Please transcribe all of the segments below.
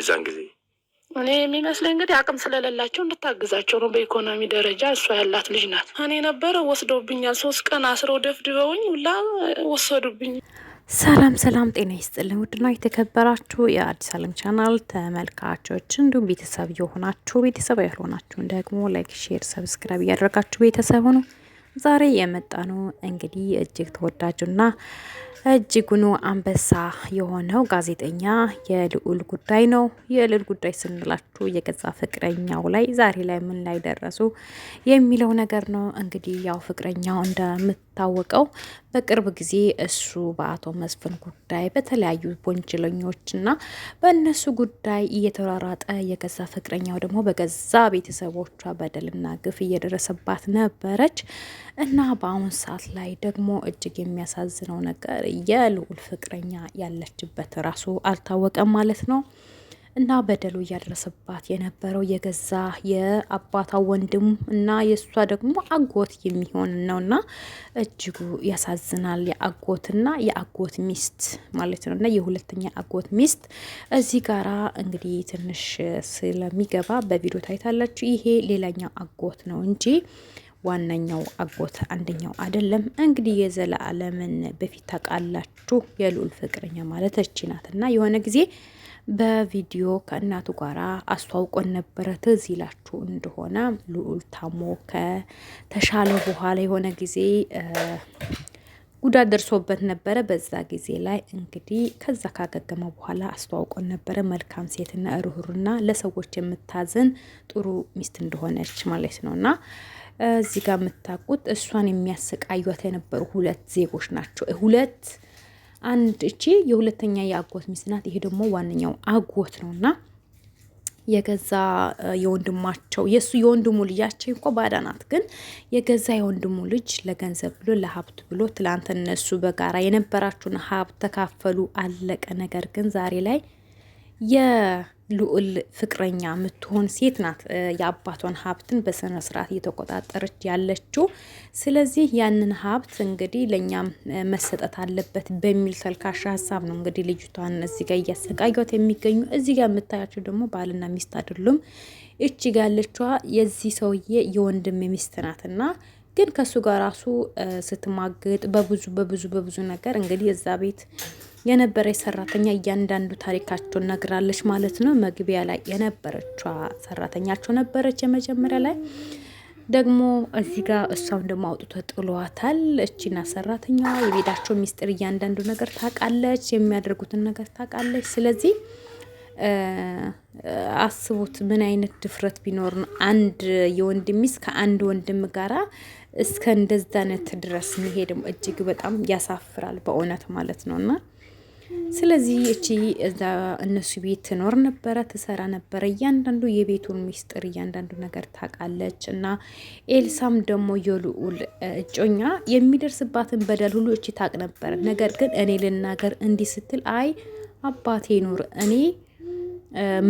የዛን ጊዜ እኔ የሚመስለኝ እንግዲህ አቅም ስለሌላቸው እንድታግዛቸው ነው። በኢኮኖሚ ደረጃ እሷ ያላት ልጅ ናት። እኔ ነበረ ወስደውብኛል። ሶስት ቀን አስረው ደፍድበውኝ ሁላ ወሰዱብኝ። ሰላም ሰላም፣ ጤና ይስጥልን ውድና የተከበራችሁ የአዲስ አለም ቻናል ተመልካቾች እንዲሁም ቤተሰብ የሆናችሁ ቤተሰብ ያልሆናችሁን ደግሞ ላይክ፣ ሼር፣ ሰብስክራይብ እያደረጋችሁ ቤተሰብ ሆኑ። ዛሬ የመጣ ነው እንግዲህ እጅግ ተወዳጁና እጅጉኑ አንበሳ የሆነው ጋዜጠኛ የልዑል ጉዳይ ነው። የልዑል ጉዳይ ስንላችሁ የገዛ ፍቅረኛው ላይ ዛሬ ላይ ምን ላይ ደረሱ የሚለው ነገር ነው። እንግዲህ ያው ፍቅረኛው እንደምታወቀው በቅርብ ጊዜ እሱ በአቶ መስፍን ጉዳይ በተለያዩ ወንጀለኞችና በእነሱ ጉዳይ እየተሯራጠ የገዛ ፍቅረኛው ደግሞ በገዛ ቤተሰቦቿ በደልና ግፍ እየደረሰባት ነበረች እና በአሁን ሰዓት ላይ ደግሞ እጅግ የሚያሳዝነው ነገር የልዑል ፍቅረኛ ያለችበት ራሱ አልታወቀም ማለት ነው። እና በደሉ እያደረሰባት የነበረው የገዛ የአባቷ ወንድም እና የእሷ ደግሞ አጎት የሚሆን ነውና እጅጉ ያሳዝናል። የአጎትና የአጎት ሚስት ማለት ነው እና የሁለተኛ አጎት ሚስት እዚህ ጋራ እንግዲህ ትንሽ ስለሚገባ በቪዲዮ ታይታላችሁ። ይሄ ሌላኛው አጎት ነው እንጂ ዋነኛው አጎት አንደኛው አይደለም። እንግዲህ የዘላለምን በፊት ታውቃላችሁ፣ የልዑል ፍቅረኛ ማለት እቺ እና የሆነ ጊዜ በቪዲዮ ከእናቱ ጋር አስተዋውቆን ነበረ። ትዝ ይላችሁ እንደሆነ ልዑል ታሞ ከተሻለ በኋላ የሆነ ጊዜ ጉዳት ደርሶበት ነበረ። በዛ ጊዜ ላይ እንግዲህ ከዛ ካገገመ በኋላ አስተዋውቆን ነበረ። መልካም ሴትና ርኅሩና ለሰዎች የምታዝን ጥሩ ሚስት እንደሆነች ማለት ነው እና እዚህ ጋር የምታውቁት እሷን የሚያሰቃዩት የነበሩ ሁለት ዜጎች ናቸው ሁለት አንድ እቺ የሁለተኛ የአጎት ሚስት ናት። ይሄ ደግሞ ዋነኛው አጎት ነው እና የገዛ የወንድማቸው የእሱ የወንድሙ ልጃቸው እንኳ ባዳ ናት። ግን የገዛ የወንድሙ ልጅ ለገንዘብ ብሎ ለሀብት ብሎ ትላንት እነሱ በጋራ የነበራችሁን ሀብት ተካፈሉ፣ አለቀ። ነገር ግን ዛሬ ላይ ልዑል ፍቅረኛ የምትሆን ሴት ናት የአባቷን ሀብትን በስነ ስርዓት እየተቆጣጠረች ያለችው። ስለዚህ ያንን ሀብት እንግዲህ ለእኛም መሰጠት አለበት በሚል ተልካሻ ሀሳብ ነው እንግዲህ ልጅቷን እዚህ ጋር እያሰቃዩት የሚገኙ። እዚህ ጋር የምታያቸው ደግሞ ባልና ሚስት አይደሉም። እቺ ጋር ያለችዋ የዚህ ሰውዬ የወንድም ሚስት ናትና ግን ከእሱ ጋር ራሱ ስትማግጥ በብዙ በብዙ በብዙ ነገር እንግዲህ እዛ ቤት የነበረች ሰራተኛ እያንዳንዱ ታሪካቸውን ነግራለች ማለት ነው። መግቢያ ላይ የነበረችዋ ሰራተኛቸው ነበረች። የመጀመሪያ ላይ ደግሞ እዚህ ጋር እሷም ደግሞ አውጥቶ ጥሏታል። እቺና ሰራተኛ የቤዳቸው ሚስጥር እያንዳንዱ ነገር ታውቃለች፣ የሚያደርጉትን ነገር ታውቃለች። ስለዚህ አስቡት ምን አይነት ድፍረት ቢኖር ነው አንድ የወንድ ሚስት ከአንድ ወንድም ጋራ እስከ እንደዛነት ድረስ መሄድም እጅግ በጣም ያሳፍራል በእውነት ማለት ነው እና ስለዚህ እቺ እዛ እነሱ ቤት ትኖር ነበረ፣ ትሰራ ነበረ። እያንዳንዱ የቤቱን ሚስጥር እያንዳንዱ ነገር ታውቃለች። እና ኤልሳም ደግሞ የልዑል እጮኛ የሚደርስባትን በደል ሁሉ እቺ ታቅ ነበረ። ነገር ግን እኔ ልናገር እንዲህ ስትል አይ አባቴ ኑር እኔ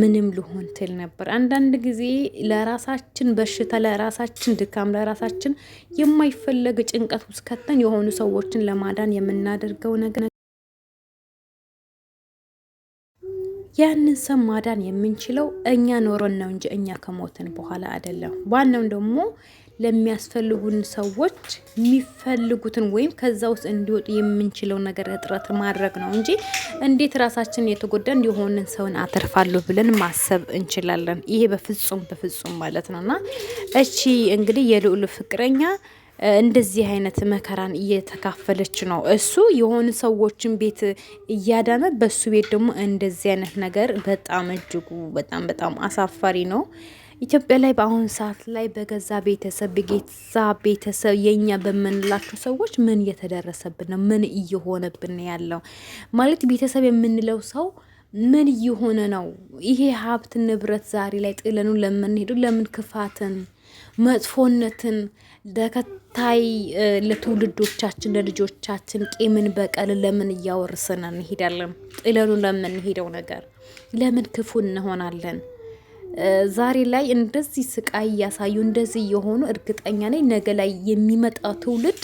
ምንም ልሆን ትል ነበር። አንዳንድ ጊዜ ለራሳችን በሽታ፣ ለራሳችን ድካም፣ ለራሳችን የማይፈለግ ጭንቀት ውስጥ ከተን የሆኑ ሰዎችን ለማዳን የምናደርገው ነገር ያንን ሰው ማዳን የምንችለው እኛ ኖረን ነው እንጂ እኛ ከሞትን በኋላ አይደለም። ዋናው ደግሞ ለሚያስፈልጉን ሰዎች የሚፈልጉትን ወይም ከዛ ውስጥ እንዲወጡ የምንችለው ነገር እጥረት ማድረግ ነው እንጂ እንዴት ራሳችን የተጎዳን የሆንን ሰውን አተርፋለሁ ብለን ማሰብ እንችላለን? ይሄ በፍጹም በፍጹም ማለት ነውና እቺ እንግዲህ የልዑል ፍቅረኛ እንደዚህ አይነት መከራን እየተካፈለች ነው። እሱ የሆኑ ሰዎችን ቤት እያዳነ በሱ ቤት ደግሞ እንደዚህ አይነት ነገር በጣም እጅጉ በጣም በጣም አሳፋሪ ነው። ኢትዮጵያ ላይ በአሁኑ ሰዓት ላይ በገዛ ቤተሰብ በገዛ ቤተሰብ የኛ በምንላቸው ሰዎች ምን እየተደረሰብን ነው? ምን እየሆነብን ያለው ማለት ቤተሰብ የምንለው ሰው ምን እየሆነ ነው? ይሄ ሀብት ንብረት ዛሬ ላይ ጥለኑ ለምንሄዱ ለምን ክፋትን መጥፎነትን ታይ ለትውልዶቻችን ለልጆቻችን ቂምን በቀል ለምን እያወርስን እንሄዳለን? ጥለኑን ለምንሄደው ነገር ለምን ክፉ እንሆናለን? ዛሬ ላይ እንደዚህ ስቃይ እያሳዩ እንደዚህ የሆኑ እርግጠኛ ነኝ ነገ ላይ የሚመጣ ትውልድ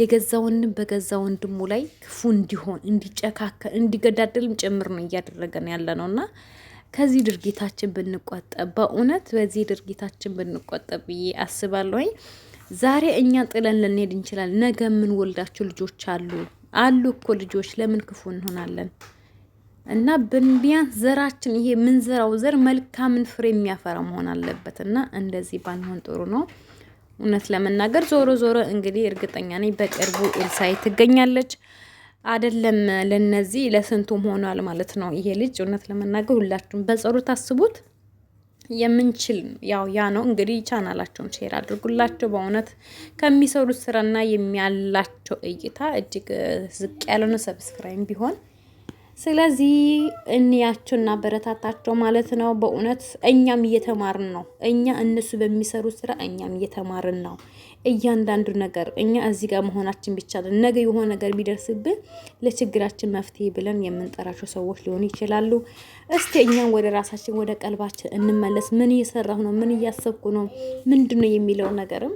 የገዛ ወንድም በገዛ ወንድሙ ላይ ክፉ እንዲሆን እንዲጨካከል እንዲገዳደልም ጭምር ነው እያደረገን ያለ ነው እና ከዚህ ድርጊታችን ብንቆጠብ በእውነት በዚህ ድርጊታችን ብንቆጠብ ብዬ አስባለሁኝ። ዛሬ እኛ ጥለን ልንሄድ እንችላል። ነገ ምን ወልዳችሁ ልጆች አሉ አሉ እኮ ልጆች። ለምን ክፉ እንሆናለን? እና ብንቢያንስ ዘራችን ይሄ ምንዘራው ዘር መልካምን ፍሬ የሚያፈራ መሆን አለበት። እና እንደዚህ ባንሆን ጥሩ ነው። እውነት ለመናገር ዞሮ ዞሮ እንግዲህ እርግጠኛ ነኝ በቅርቡ ኤልሳይ ትገኛለች። አይደለም ለነዚህ ለስንቱም ሆኗል ማለት ነው ይሄ ልጅ። እውነት ለመናገር ሁላችሁም በጸሎት አስቡት። የምንችል ያው ያ ነው እንግዲህ። ቻናላቸውን ሼር አድርጉላቸው። በእውነት ከሚሰሩት ስራና የሚያላቸው እይታ እጅግ ዝቅ ያለ ነው። ሰብስክራይብ ቢሆን ስለዚህ እንያቸው እናበረታታቸው ማለት ነው። በእውነት እኛም እየተማርን ነው። እኛ እነሱ በሚሰሩ ስራ እኛም እየተማርን ነው። እያንዳንዱ ነገር እኛ እዚህ ጋር መሆናችን ቢቻለን ነገ የሆነ ነገር ቢደርስብን ለችግራችን መፍትሄ ብለን የምንጠራቸው ሰዎች ሊሆኑ ይችላሉ። እስቲ እኛም ወደ ራሳችን ወደ ቀልባችን እንመለስ። ምን እየሰራሁ ነው? ምን እያሰብኩ ነው? ምንድን ነው የሚለው ነገርም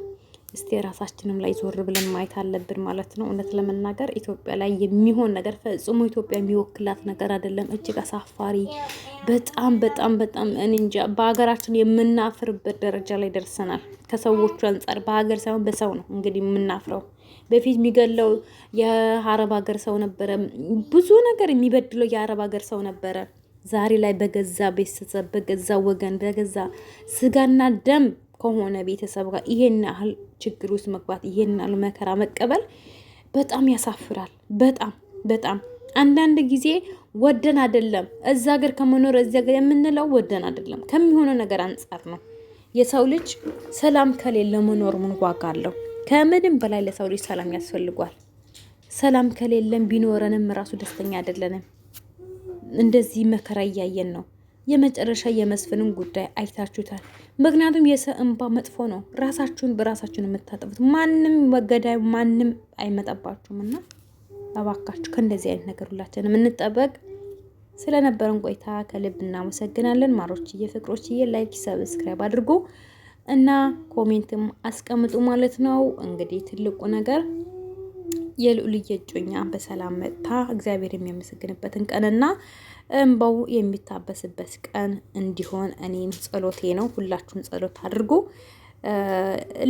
እስቲ የራሳችንም ላይ ዞር ብለን ማየት አለብን ማለት ነው። እውነት ለመናገር ኢትዮጵያ ላይ የሚሆን ነገር ፈጽሞ ኢትዮጵያ የሚወክላት ነገር አይደለም። እጅግ አሳፋሪ፣ በጣም በጣም በጣም እኔ እንጃ። በሀገራችን የምናፍርበት ደረጃ ላይ ደርሰናል። ከሰዎቹ አንጻር በሀገር ሳይሆን በሰው ነው እንግዲህ የምናፍረው። በፊት የሚገለው የአረብ ሀገር ሰው ነበረ፣ ብዙ ነገር የሚበድለው የአረብ ሀገር ሰው ነበረ። ዛሬ ላይ በገዛ ቤተሰብ፣ በገዛ ወገን፣ በገዛ ስጋና ደም ከሆነ ቤተሰብ ጋር ይሄን ያህል ችግር ውስጥ መግባት ይሄን ያህል መከራ መቀበል በጣም ያሳፍራል። በጣም በጣም አንዳንድ ጊዜ ወደን አይደለም እዛ ሀገር ከመኖር እዚ ሀገር የምንለው ወደን አይደለም ከሚሆነው ነገር አንጻር ነው። የሰው ልጅ ሰላም ከሌለ መኖር ምን ዋጋ አለው? ከምንም በላይ ለሰው ልጅ ሰላም ያስፈልጓል። ሰላም ከሌለን ቢኖረንም ራሱ ደስተኛ አይደለንም። እንደዚህ መከራ እያየን ነው። የመጨረሻ የመስፍንን ጉዳይ አይታችሁታል። ምክንያቱም የሰው እንባ መጥፎ ነው። ራሳችሁን በራሳችሁን የምታጠፉት ማንም ገዳይ ማንም አይመጣባችሁም። እና እባካችሁ ከእንደዚህ አይነት ነገር ሁላችንም እንጠበቅ። ስለነበረን ቆይታ ከልብ እናመሰግናለን። ማሮችዬ፣ ፍቅሮችዬ ላይክ፣ ሰብስክራይብ አድርጉ እና ኮሜንትም አስቀምጡ ማለት ነው። እንግዲህ ትልቁ ነገር የልዑልዬ እጮኛ በሰላም መጥታ እግዚአብሔር የሚያመሰግንበትን ቀንና እንባው የሚታበስበት ቀን እንዲሆን እኔም ጸሎቴ ነው። ሁላችሁም ጸሎት አድርጉ።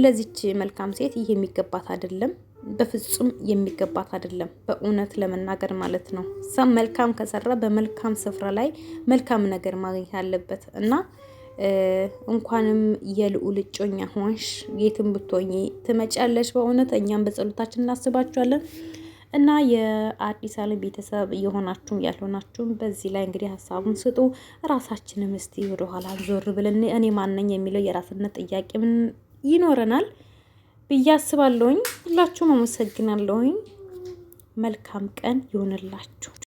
ለዚች መልካም ሴት ይህ የሚገባት አይደለም፣ በፍጹም የሚገባት አይደለም። በእውነት ለመናገር ማለት ነው ሰው መልካም ከሰራ በመልካም ስፍራ ላይ መልካም ነገር ማግኘት አለበት እና እንኳንም የልዑል እጮኛ ሆንሽ፣ የትም ብትሆኚ ትመጫለሽ። በእውነት እኛም በጸሎታችን እናስባችኋለን እና የአዲስ ዓለም ቤተሰብ የሆናችሁም ያልሆናችሁም በዚህ ላይ እንግዲህ ሀሳቡን ስጡ። ራሳችንም እስቲ ወደኋላ ዞር ብለን እኔ ማነኝ የሚለው የራስነት ጥያቄ ምን ይኖረናል ብዬ አስባለሁኝ። ሁላችሁም አመሰግናለሁኝ። መልካም ቀን ይሆንላችሁ።